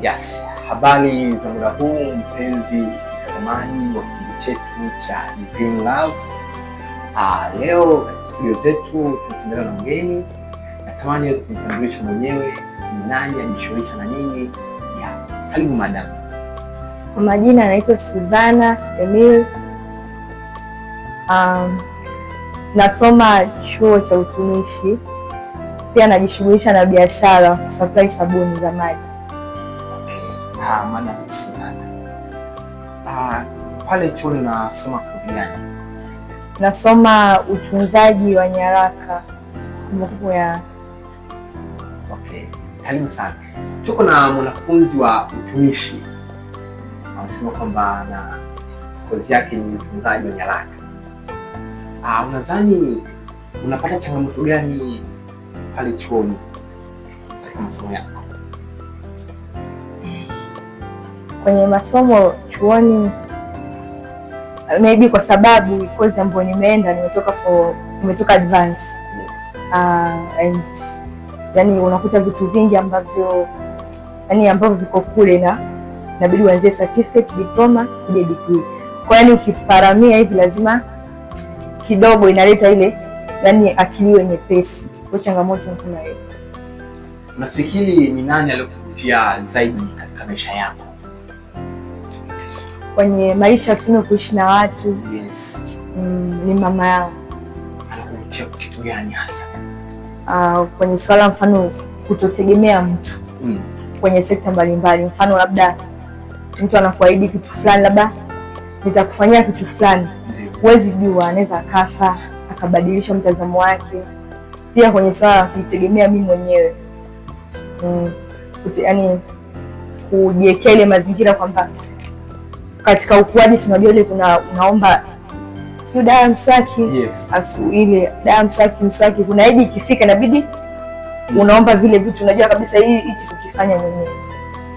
Yes, habari za muda huu mpenzi mtazamaji wa kipindi chetu cha Green Love. Ah, leo katika studio zetu tunatembelewa na mgeni. Natamani aweze mwenyewe ni nani, ajishughulisha na nini. Karibu madam. Kwa majina anaitwa Suzana Emil. Um, nasoma chuo cha utumishi, pia najishughulisha na biashara, supply sabuni za maji kama na Ah, pale chuoni nasoma kozi gani? Nasoma utunzaji wa nyaraka Okay, karibu sana. Tuko na mwanafunzi wa utumishi anasema kwamba na kozi yake ni utunzaji wa nyaraka. Ah, unadhani unapata changamoto gani pale chuoni katika masomo yako? kwenye masomo chuoni, maybe kwa sababu kozi ambayo nimeenda nimetoka for nimetoka advance yes. Uh, and yani unakuta vitu vingi ambavyo yani ambavyo viko kule na inabidi uanzie certificate, diploma kuja degree. Kwa yani ukiparamia hivi lazima kidogo inaleta ile yani akili yenye nyepesi. Kwa changamoto kama hiyo. Nafikiri ni nani aliyokuvutia zaidi katika maisha yako? kwenye maisha, tuseme kuishi na watu yes. Mm, ni mama yangu kitu gani hasa? Uh, kwenye swala mfano kutotegemea mtu mm. kwenye sekta mbalimbali, mfano labda mtu anakuahidi kitu fulani, labda nitakufanyia kitu fulani, huwezi jua, anaweza akafa akabadilisha mtazamo wake. Pia kwenye swala la kujitegemea mimi mwenyewe mm, yaani kujiwekea ile mazingira kwamba katika ukuaji, si unajua ile kuna unaomba sio dawa mswaki, yes. asu ile dawa mswaki mswaki, kuna hiji ikifika inabidi unaomba vile vitu, unajua kabisa hii hichi ukifanya mwenyewe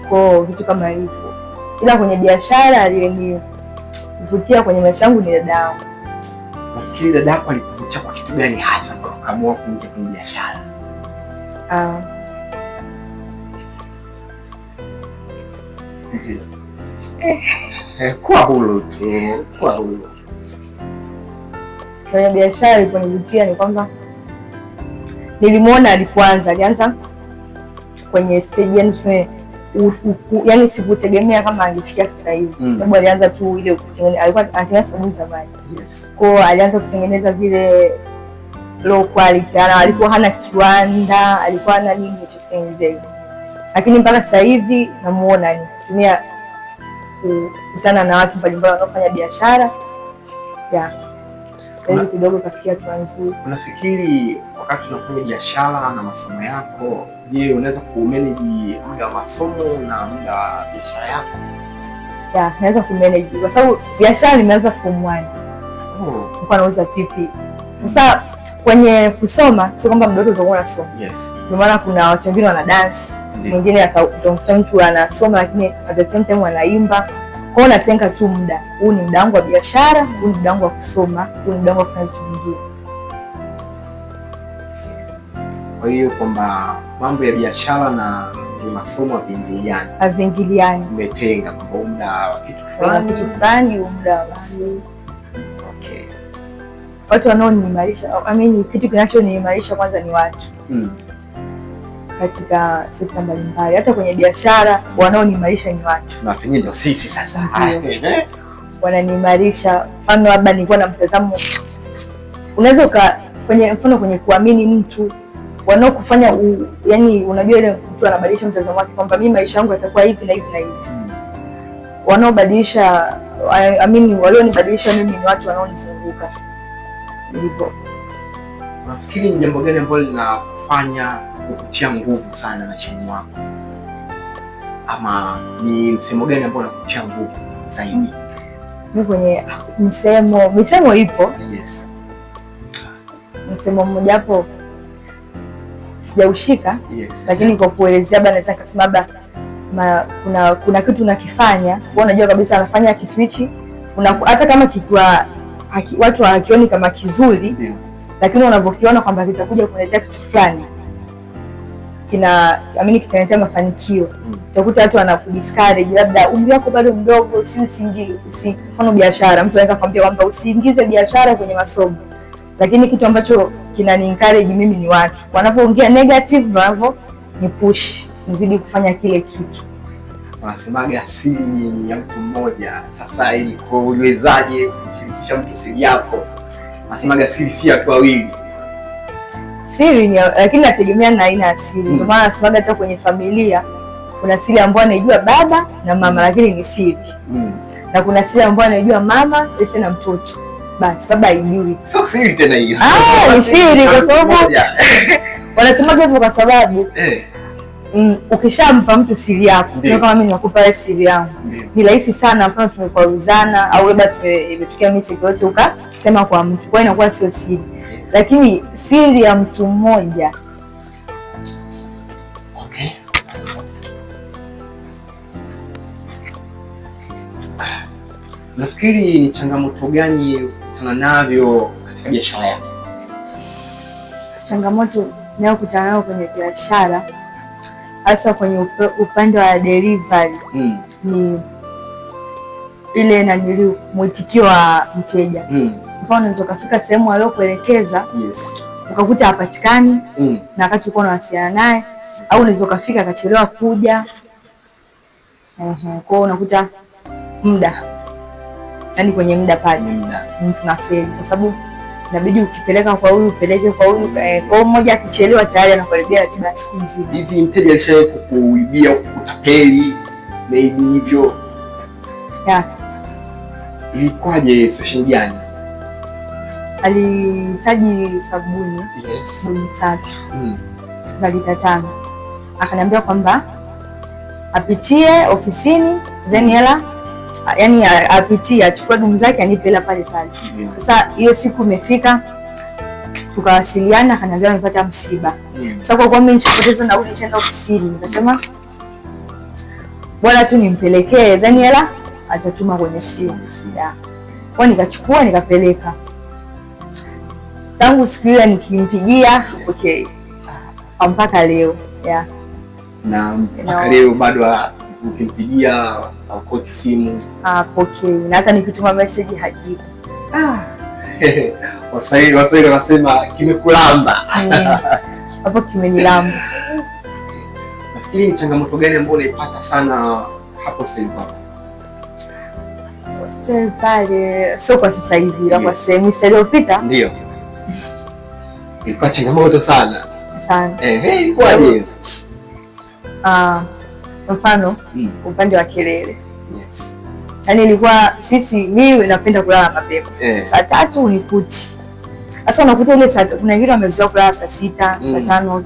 ko vitu kama hivyo. Ila kwenye biashara aliyenivutia kwenye maisha yangu ni dadangu. Nafikiri dadako alikuvutia kwa kitu gani hasa ukaamua kuingia kwenye biashara? Ah. Eh. Eh, kwa huru tu, kuwa huru. Kwenye biashara iliponivutia ni kwamba nilimwona alipoanza, alianza kwenye stage yani tuseme yaani sikutegemea kama angefikia sasa hivi, mm. sababu alianza tu ile alikuwa anatengeneza sabuni za maji kwao, alianza kutengeneza vile low quality, alikuwa hana kiwanda, alikuwa hana nini kutengeneza hivi, lakini mpaka sasa hivi namuona anatumia kukutana na watu mbalimbali wanaofanya biashara ya yaani kidogo kafikia nzuri Unafikiri wakati unafanya biashara na masomo yako, je, unaweza kumanage muda wa masomo na muda wa biashara yako? Ya, naweza kumanage kwa sababu biashara nimeanza form one. Oh. Nilikuwa nauza pipi. Sasa kwenye kusoma sio kwamba mdogo utakuwa unasoma. Yes. Ndio maana kuna watu wengine wana dance mwingine atamkuta mtu anasoma lakini at the same time anaimba hiyo Natenga tu muda huu, ni muda wangu wa biashara, huu ni muda wangu wa kusoma, huu ni muda wangu wa kufanya vitu vingine. Kwa hiyo kwamba mambo ya biashara na masomo haviingiliani, haviingiliani. Umetenga kwamba huu muda wa kitu fulani fulani, muda wa masomo. watu wanaoniimarisha, I mean, kitu kinachoniimarisha kwanza ni watu mm katika sekta mbalimbali, hata kwenye biashara wanaonimarisha ni watu, na pengine ndio sisi sasa eh, eh. wananiimarisha. Mfano labda nilikuwa na mtazamo, unaweza kwenye mfano kwenye kuamini mtu wanaokufanya u, yani unajua ile mtu anabadilisha mtazamo wake kwamba mimi maisha yangu yatakuwa hivi na hivi na hivi. Wanaobadilisha I mean, walionibadilisha mimi ni watu wanaonizunguka. Ndivyo. Nafikiri ni jambo gani ambalo linafanya kukutia nguvu sana maishani mwako, ama ni msemo gani ambao unakutia nguvu zaidi? Mimi kwenye msemo, misemo ipo yes. Msemo mmoja hapo sijaushika yes. Lakini kwa kuelezea labda naweza kusema labda kuna, kuna kitu unakifanya unajua kabisa anafanya kitu hichi, hata kama kikiwa haki, watu hawakioni kama kizuri yeah. Lakini unavyokiona kwamba kitakuja kuletea kitu fulani kina amini kitaletea mafanikio. Mm. Utakuta watu wanakudiscourage, labda umri wako bado mdogo, si usingi usi mfano biashara, mtu anaweza kwambia kwamba usiingize biashara kwenye masomo, lakini kitu ambacho kinani encourage mimi ni watu wanapoongea negative, bravo ni push nizidi kufanya kile kitu. Wanasemaga asili ya mtu mmoja. Sasa ili kwa uwezaje mtu siri yako? Wanasemaga siri si ya watu wawili siri ni, lakini nategemea na aina ya siri. Ndio hmm. maana nasemaga hata kwenye familia kuna siri ambayo anaijua baba na mama, hmm. lakini ni siri mm. na kuna siri ambayo anaijua mama ete na mtoto, basi baba haijui, sio siri tena hiyo. Ah, ni siri kwa sababu wanasemaga hivyo kwa sababu eh mm, ukishampa mtu siri yako, kama mimi nakupa siri yangu, ni rahisi sana, mfano tumekwaruzana au labda imetokea misigo yote ukasema kwa mtu, kwa inakuwa sio siri, lakini siri ya mtu mmoja Nafikiri ni changamoto gani kutana navyo katika biashara yako? Changamoto nayokutana nayo kwenye biashara hasa kwenye up upande wa delivery mm. ni ile nanili mwitikio wa mteja mm. Mfano, unaweza ukafika sehemu aliyokuelekeza yes. ukakuta hapatikani mm. na wakati ulikuwa unawasiliana naye, au unaweza ukafika akachelewa kuja uh-huh. Kwao unakuta muda, yani kwenye muda pale tunafeli kwa sababu inabidi ukipeleka kwa huyu upeleke kwa huyu eh, kwa mmoja akichelewa tayari anakaribia ratiba ya siku nzima. Hivi mteja alishawahi kukuibia kukutapeli maybe hivyo? Yeah. Ilikwaje? Situation gani? Alihitaji sabuni yes, sabuni tatu hmm. za lita tano akaniambia kwamba apitie ofisini then hela yani apitie achukue dumu zake anipe hela pale pale. Mm. Sasa hiyo siku imefika, tukawasiliana, kanaambia amepata msiba. Mm. Sasa kwa kuwa mimi nishapoteza nauli, nishaenda ofisini, nikasema bora tu nimpelekee, then hela atatuma kwenye simu. Kwa nikachukua nikapeleka. Tangu siku hiyo nikimpigia, okay, ah, mpaka leo yeah. Na mpaka leo bado ukimpigia Hapoki uh, simu. Hapoki. Ah, Na hata nikituma message hajibu. Ah. Waswahili Waswahili wanasema kimekulamba. Mm. Hapo kimenilamba. Nafikiri ni changamoto gani ambayo unaipata sana hapo sasa hivi? Pale sio kwa sasa hivi, kwa sehemu sasa iliyopita. Ndio. Ilikuwa changamoto sana. Sana. Eh, kwa nini? Ah, mfano mm. upande wa kelele Yes. Yaani ilikuwa sisi, mimi napenda kulala mapema yeah. Saa tatu unikuti sasa, unakuta ile saa, kuna wengine wamezoea kulala saa sita mm. saa tano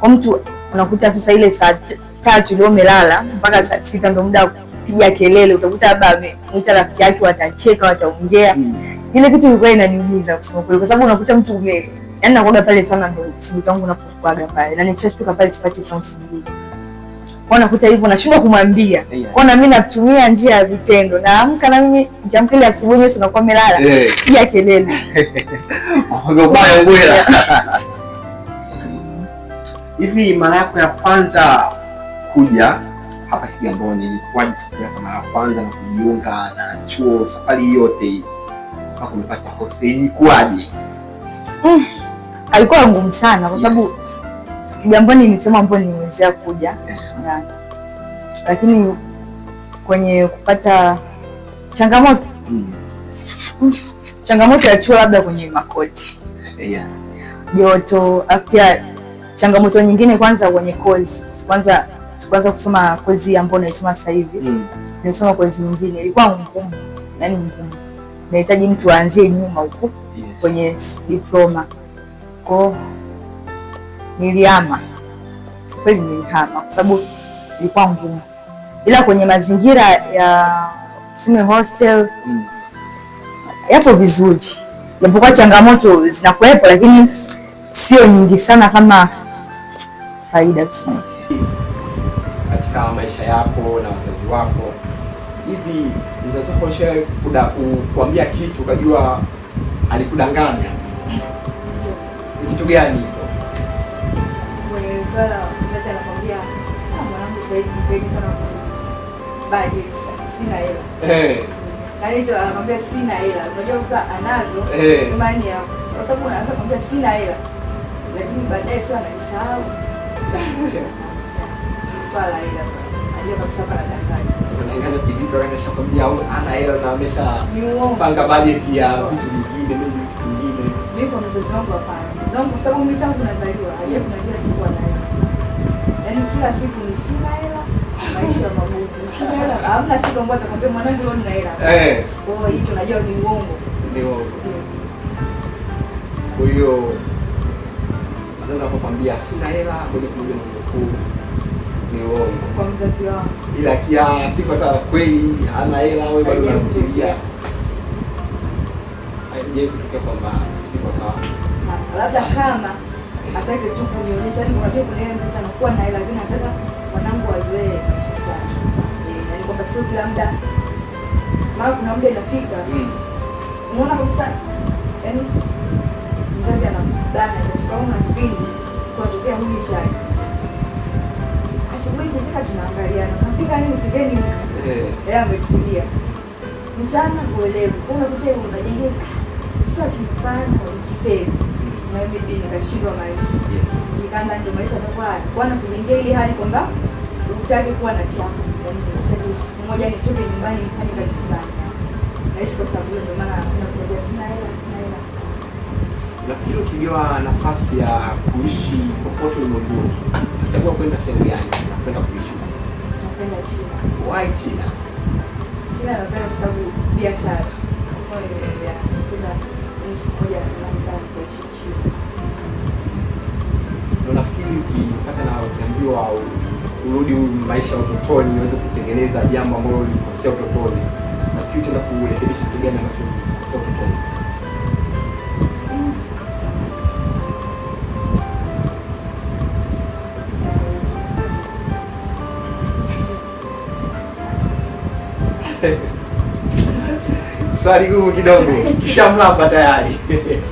kwa mtu unakuta sasa ile saa tatu ndio umelala mpaka saa sita ndio muda kupiga kelele, utakuta labda amemwita rafiki yake, watacheka wataongea mm. Ile kitu ilikuwa inaniumiza kusema kweli, kwa sababu unakuta mtu ume, yaani nakuaga pale sana, ndio siku zangu napokwaga pale na nichashtuka pale sipati chance usingizi wanakuta hivyo, nashindwa kumwambia yeah. Kwa na mimi natumia njia ya vitendo, naamka na mimi nikiamka ile asubuhi mimi sinakuwa melala yeah. Sija kelele hivi. mara yako ya kwanza kuja hapa Kigamboni ilikuwaje? siku yako mara ya kwanza na kujiunga na chuo, safari yote hii mpaka umepata hosteli ilikuwaje? mm. alikuwa ngumu sana kwa sababu yes. Jamboni ni sehemu ambayo nimewezea kuja na, lakini kwenye kupata changamoto changamoto ya chuo labda kwenye makoti yeah. joto, ah, changamoto nyingine kwanza kwenye kozi kwanza kwanza kusoma kozi ambayo naisoma sasa hivi mm. nisoma kozi nyingine ilikuwa ngumu, yani ngumu, nahitaji mtu aanzie nyuma huku yes. kwenye diploma kwao nilihama kweli, nilihama kwa sababu ilikuwa ngumu, ila kwenye mazingira ya tuseme hostel mm. yapo vizuri, japokuwa changamoto zinakuwepo, lakini sio nyingi sana kama faida tuseme. Katika maisha yako na wazazi wako, hivi mzazi wako alishawahi kuambia kitu ukajua alikudanganya? Ni kitu gani? swala mzazi anakwambia ah, mwanangu, sasa hivi mtegi sana budget, sina hela eh, nani hicho anakwambia sina hela. Unajua sasa anazo imani eh. ya kwa sababu anaanza kumwambia sina hela, lakini baadaye sio anajisahau swala hela, anajua kabisa pana danganya mzazi wangu hapana. Mzazi sababu mimi tangu nazaliwa hajaniambia mm. sikuwa na yaani kila siku ni sina hela, maisha magumu, sina hela. Hamna siku ambayo atakwambia mwanangu, leo nina hela. Kwa eh. hiyo oh, hicho najua ni uongo, ni uongo. Kwa hiyo mzazi anapokwambia sina hela kwenye kuja na mkuu ni uongo kwa mzazi wangu, ila kia siku hata kweli hana hela, wewe bado unamtilia aje kutoka kwamba siku akawa labda kama atake tu kunionyesha, yani unajua kuna ile mtu anakuwa na hela lakini anataka wanangu wazoee shukrani. Eh, yani kwamba sio kila muda. Mara kuna muda inafika. Mm. Unaona kabisa yani mzazi anabana kiasi kwa una kipindi kwa tokea huyu shari. Asubuhi kifika tunaangaliana. Kampika nini pigeni? Eh, yeye ametulia. Mchana uelewe. Unakuta unajengeka. Ah, sio kimfano kifeli na hiyo bibi nikashindwa maisha. Yes. Nikaanza ndio maisha yatakuwa kwa na kujengea ile hali kwamba utaki kuwa na chama. Yaani siku moja nitoke nyumbani nifanye kazi fulani. Na hisi kwa sababu ndio maana napenda kurejea sina hela, sina hela. Nafikiri ukipewa nafasi ya kuishi popote ulimwenguni, utachagua kwenda sehemu gani? Napenda kuishi. Napenda China. Why China? China napenda kwa sababu biashara. Kwa hiyo, napenda siku moja natamani kuishi vipi ukipata na utaambiwa au urudi maisha utotoni uweze kutengeneza jambo ambalo ulikosea utotoni, na kitu tena kurekebisha kitu gani ambacho ulikosea utotoni? Swali gumu kidogo, kisha mlamba tayari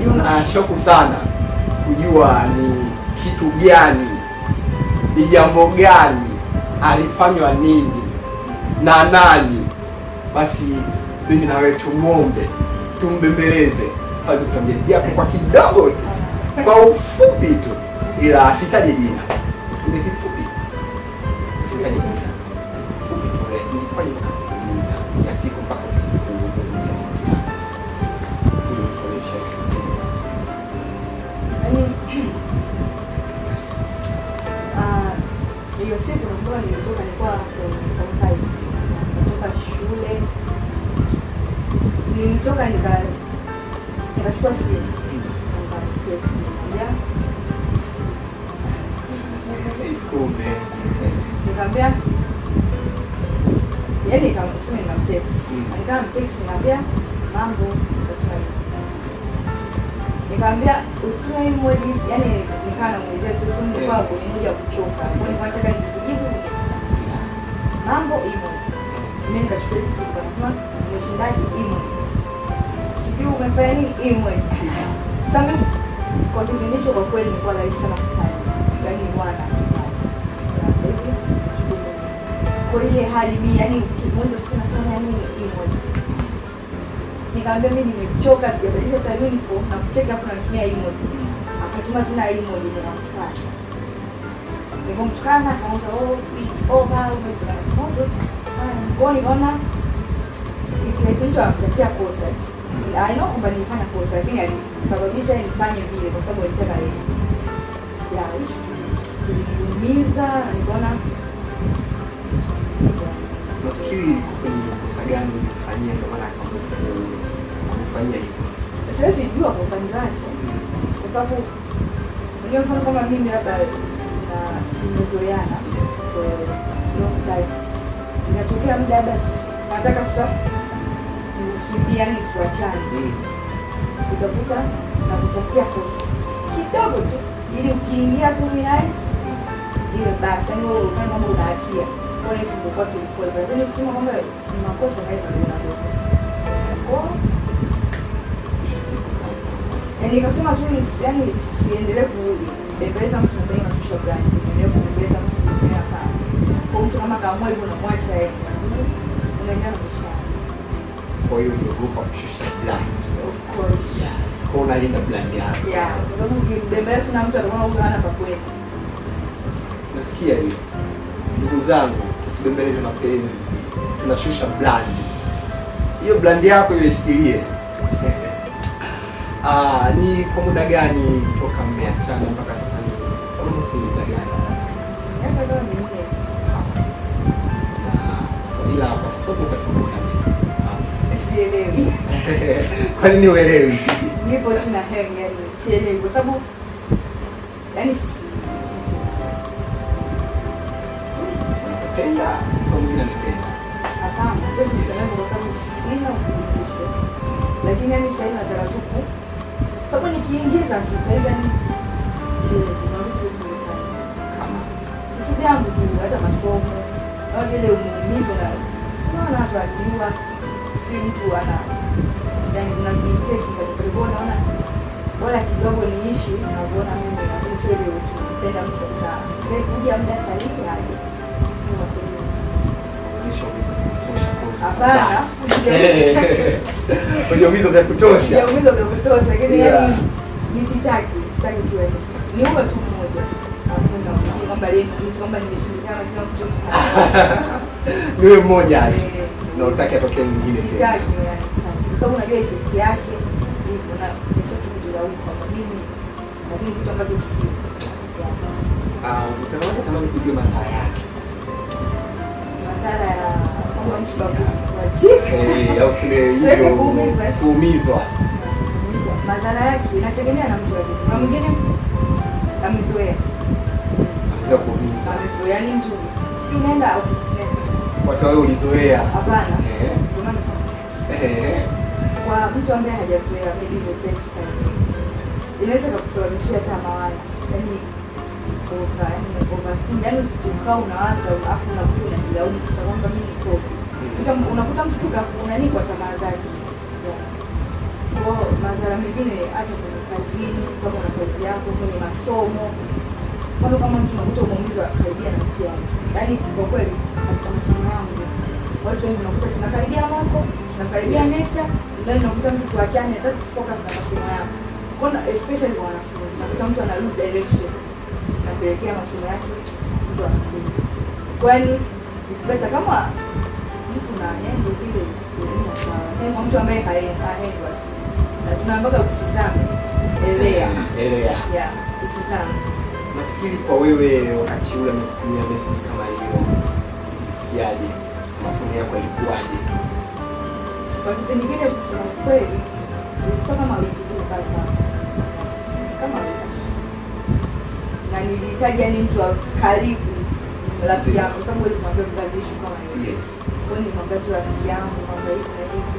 na shoku sana kujua ni kitu gani, ni jambo gani, alifanywa nini na nani. Basi mimi na wewe tumwombe, tumbembeleze aweze kutuambia japo kwa kidogo tu, kwa ufupi tu, ila sitaje jina, ni kifupi nikatoka nikachukua simu nikamwambia, yaani nikamsema hmm. nikamtext, nikamtext nikamwambia mambo, nikamwambia usitume emojis, yaani nikawa namwelezea sio kwako ni moja kuchoka, kwa hiyo nikujibu mambo hivyo. Mimi nikashukuru siku, nasema mshindaji hivyo sijui umefanya nini imwe sami. Kwa kipindi hicho kwa kweli nilikuwa rahisi sana kupata, yaani mwana kwa ile hali mimi, yaani ukimweza siku nafanya nini imwe. nikaambia mimi nimechoka, sijabadilisha cha uniform na kucheka, afu natumia imwe. Akatuma tena imwe ndio nakupata Nilipomtukana akaanza oh, it's over umesikia, kwa hiyo nikaona ikiwa mtu amtatia kosa aino kwamba nilifanya kosa lakini alisababisha nifanye vile kwa sababu alitaka yeye. Ya, iliniumiza nikaona nafikiri kwenye kosa gani nilifanyia ndio maana akamfanyia hivyo. Siwezi jua kwa upande wake kwa sababu unajua mfano kama mimi labda na nimezoeana for long time. Inatokea muda labda nataka sasa kukimbia ni tuachane, mm. utakuta na kutafutia kosa kidogo tu, ili ukiingia tu naye ile basi, yani wewe unaona mambo unaatia kwa nini kwa kilikuwa hivyo, yani kusema kwamba ni makosa na hivyo ndio kwa yani, kasema tu yani siendelee kubembeleza mtu ambaye anashusha brand, endelee kubembeleza mtu ambaye hapa kwa mtu kama kaamua hivyo, unamwacha yeye unaendelea na biashara kwa hiyo niogopa kushusha blind. Kwa unalinda blind yako. Nasikia hiyo. Ndugu zangu, usibembeleze mapenzi. Tunashusha blind. Hiyo blind yako ile shikilie. Ah, ni kwa muda gani toka mmeachana mpaka sasa ni? Almost ni muda gani? Ila kwa sababu kwa sasa sielewi. Kwa nini uelewi? Nipo tu na heri, yani sielewi kwa sababu yani nakupenda kwa mwingine anapenda. Hapana, siwezi kusema kwa sababu sina uthibitisho, lakini yani sasa nataka tu sababu nikiingiza tu sasa hivi yani siwezi yangu tu hata masomo au ile umuumizo na sinaona watu wakiua sijui mtu ana yani, na kesi kwa kwa naona wala kidogo niishi na kuona mimi na sio leo mtu napenda mtu sasa kuja muda sahihi aje hapana kujiumiza vya kutosha kujiumiza vya kutosha lakini yani nisitaki sitaki kiwe ni huo tu mmoja kwamba ah, leo kwamba kila mtu niwe mmoja eh na utaki atokee mwingine pia, eh, kwa sababu unajua effect yake hivyo, na kesho huko kwa nini, lakini kitu ambacho si ah, mtazamaji tamani kujua madhara yake, madhara ya kwa Eh, au sile hiyo kuumizwa, madhara yake inategemea na mtu. wake. Kuna mwingine amezoea amezoea, yaani mtu si unaenda watu wao ulizoea. Hapana. Eh. eh. Kwa mtu ambaye hajazoea maybe the first time. Inaweza kukusababishia hata mawazo. Yaani kwa yaani, yaani ukao unawaza alafu mtu unajilaumu sasa kwamba mimi nikoje. Unakuta mtu unani kwa tamaa zake. Kwa madhara mengine hata kwenye kazini, kama una kazi yako, kwenye masomo mfano kama mtu tunakuta uamuzi wa karibia na mtu wangu, yaani kwa kweli katika masomo yangu watu wengi unakuta tunakaribia mwako tunakaribia NECTA, ndani unakuta mtu tuachane hata kufocus na masomo yako, kuna especially kwa wanafunzi nakuta mtu ana lose direction na kuelekea masomo yake mtu anafunga. Kwani ikipata kama mtu na nyengo vile nyengo mtu ambaye haendwa si na tunaambaga usizame, elea elea, yeah usizame Nafikiri kwa wewe wakati ule amekutumia message kama hiyo, ukisikiaje? Masomo yako yalikuwaje? Kwa kipindi kile kusema kweli, nilikuwa kama wiki tu sasa. Kama na nilihitaji yani mtu wa karibu, rafiki yangu, sababu huwezi kumwambia mzazi issue kama hiyo. Yes. Kwa hiyo nilimwambia tu rafiki yangu kwamba hivi na hivi.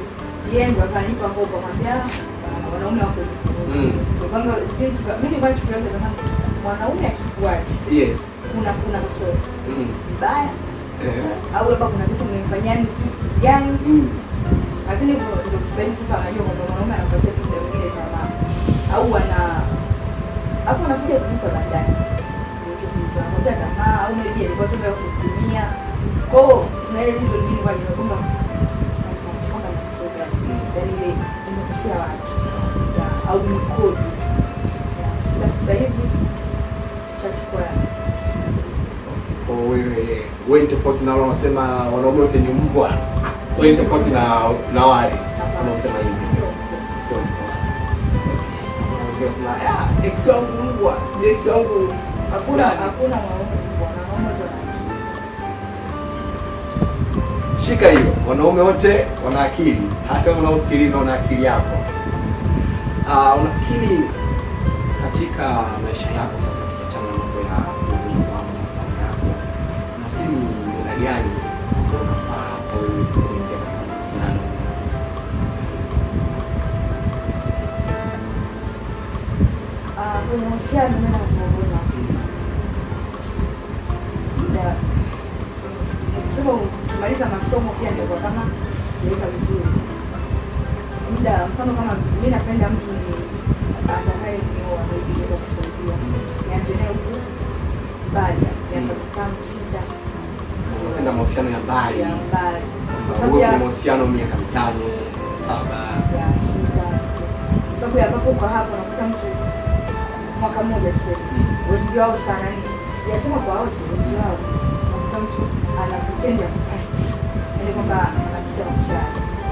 Yeye ndo akanipa hofu, akamwambia ah, wanaume wako hivi. Mm. Kwa hiyo mimi nilikuwa chukulia kama mwanaume akikuacha, yes, kuna kuna msoro mm. mbaya yeah. au labda kuna vitu mmefanyani si kitu gani, mm. lakini ndio sasa sasa anajua kwamba mwanaume anapatia kitu kingine tamaa, au ana afu anakuja kukuta baadaye anakuta tamaa, au maybe alikuwa tu ndio kutumia na ile kwa ajili mm. yaani ya kwamba kwamba yani ile imekosea wapi au ni kodi sasa hivi wewe wewe, tofauti na wale wanasema wanaume wote ni mbwa, so hiyo tofauti na na wale wanasema hivi, sio So ah, ex wangu mbwa, si ex wangu. Hakuna hakuna shika hiyo. Wanaume wote wana akili, hata unaosikiliza una akili yako. Ah, unafikiri katika maisha yako gani unafaa hapo ili kuingia masomo pia ndio kama sijaweza vizuri muda, mfano kama mimi napenda mtu atakaye nioa kusaidia nianze naye huku mbali miaka mitano sita kwenda mahusiano ya mbali, ya mahusiano miaka mitano saba, sababu ya hapo kwa hapo unakuta mtu mwaka mmoja tuseme, mm. wengi wao sana, ni sijasema kwa wote, wengi wao unakuta mtu anakutenda kupati ile yaani kwamba anafuta mchana,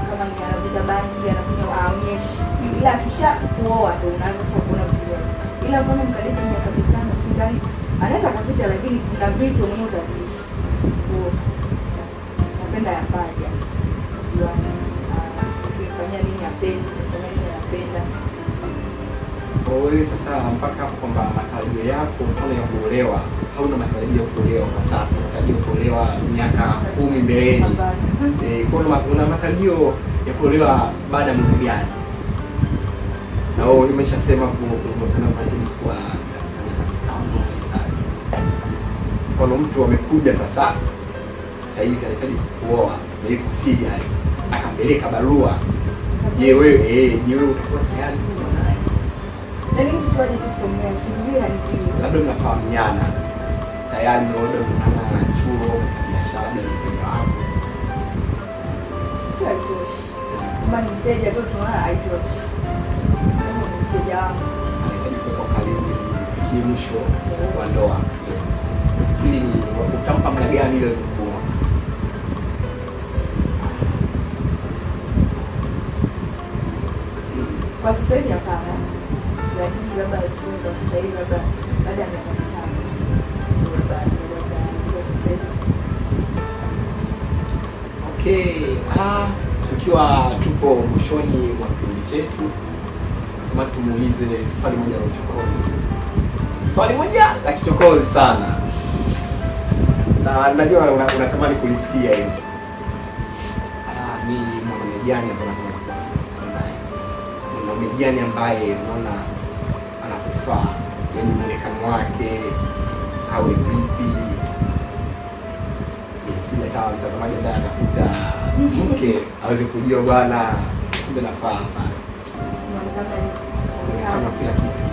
kama ni anavuta bangi anakunywa aonyeshi, mm. ila akisha kuoa ndio unaanza sasa kuona vitu, ila mfano mkadeti miaka mitano sitani anaweza kuficha, lakini kuna vitu mmoja utavisi napenda yapaja kujua ukifanyia nini apendi, ukifanyia nini anapenda. wewe sasa, mpaka hapo kwamba matarajio yako mfano ya kuolewa, hauna matarajio ya kuolewa kwa sasa, matarajio kuolewa miaka kumi mbeleni. Una matarajio ya kuolewa baada ya muda gani? Na wewe umeshasema kuhusiana kwa mfano mtu amekuja sasa sahivi anahitaji kuoa na yuko serious, akapeleka barua, je, wewe eh, je, wewe utakuwa tayari Labda mnafahamiana tayari, labda mnaona chuo biashara, ni mpenzi ah, wako, mteja wa ndoa. ili utampa gani ile zungumzo Kwa sasa hivi hapana, lakini labda tuseme kwa sasa hivi labda baada ya miaka mitano tukiwa tupo mwishoni mwa kipindi chetu, kama tumuulize swali moja la uchokozi, swali moja la kichokozi sana, na najua unatamani kulisikia hilo. Ah, ni mwanaume gani gani ambaye unaona anakufaa, yaani mwonekano wake awe vipi? Sile kawa mtazamaji ambaye anatafuta mke aweze kujua bwana, kumbe nafaa hapa mwonekano kila kitu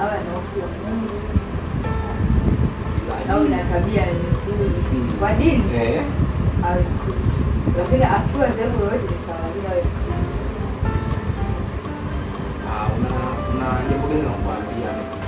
awe na hofu ya Mungu au na tabia nzuri hmm. kwa dini eh. awe Mkristo, lakini akiwa dhehebu lolote ni sawa, awe Mkristo. Ah, una jambo gani la kumwambia wakati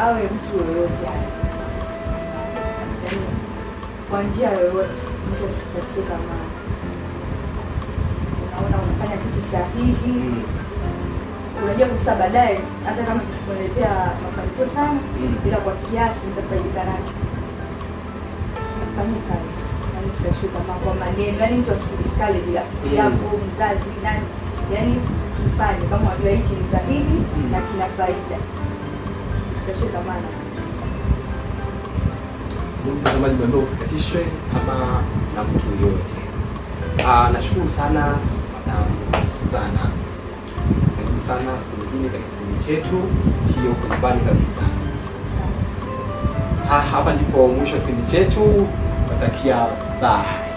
awe mtu yoyote yani, kwa njia yoyote mtu asikosee. Kama unaona unafanya kitu sahihi, mm. unajua kabisa baadaye hata kama kisikuletea mafanikio sana, mm. ila kwa kiasi nitafaidika nacho. Fanye kazi na yaani kwa maneno, yani mtu asikudiscourage rafiki mm. yako, mzazi, nani, yani kifanye kama wajua hichi ni sahihi na kina faida sitashikamana mtazamaji mwambie usikatishwe kama na mtu yoyote. Ah, nashukuru sana madamu Suzana, karibu sana siku nyingine katika kipindi chetu sikio kwa Nyumbani Kabisa. Ha, ah, hapa ndipo mwisho wa kipindi chetu, watakia bye.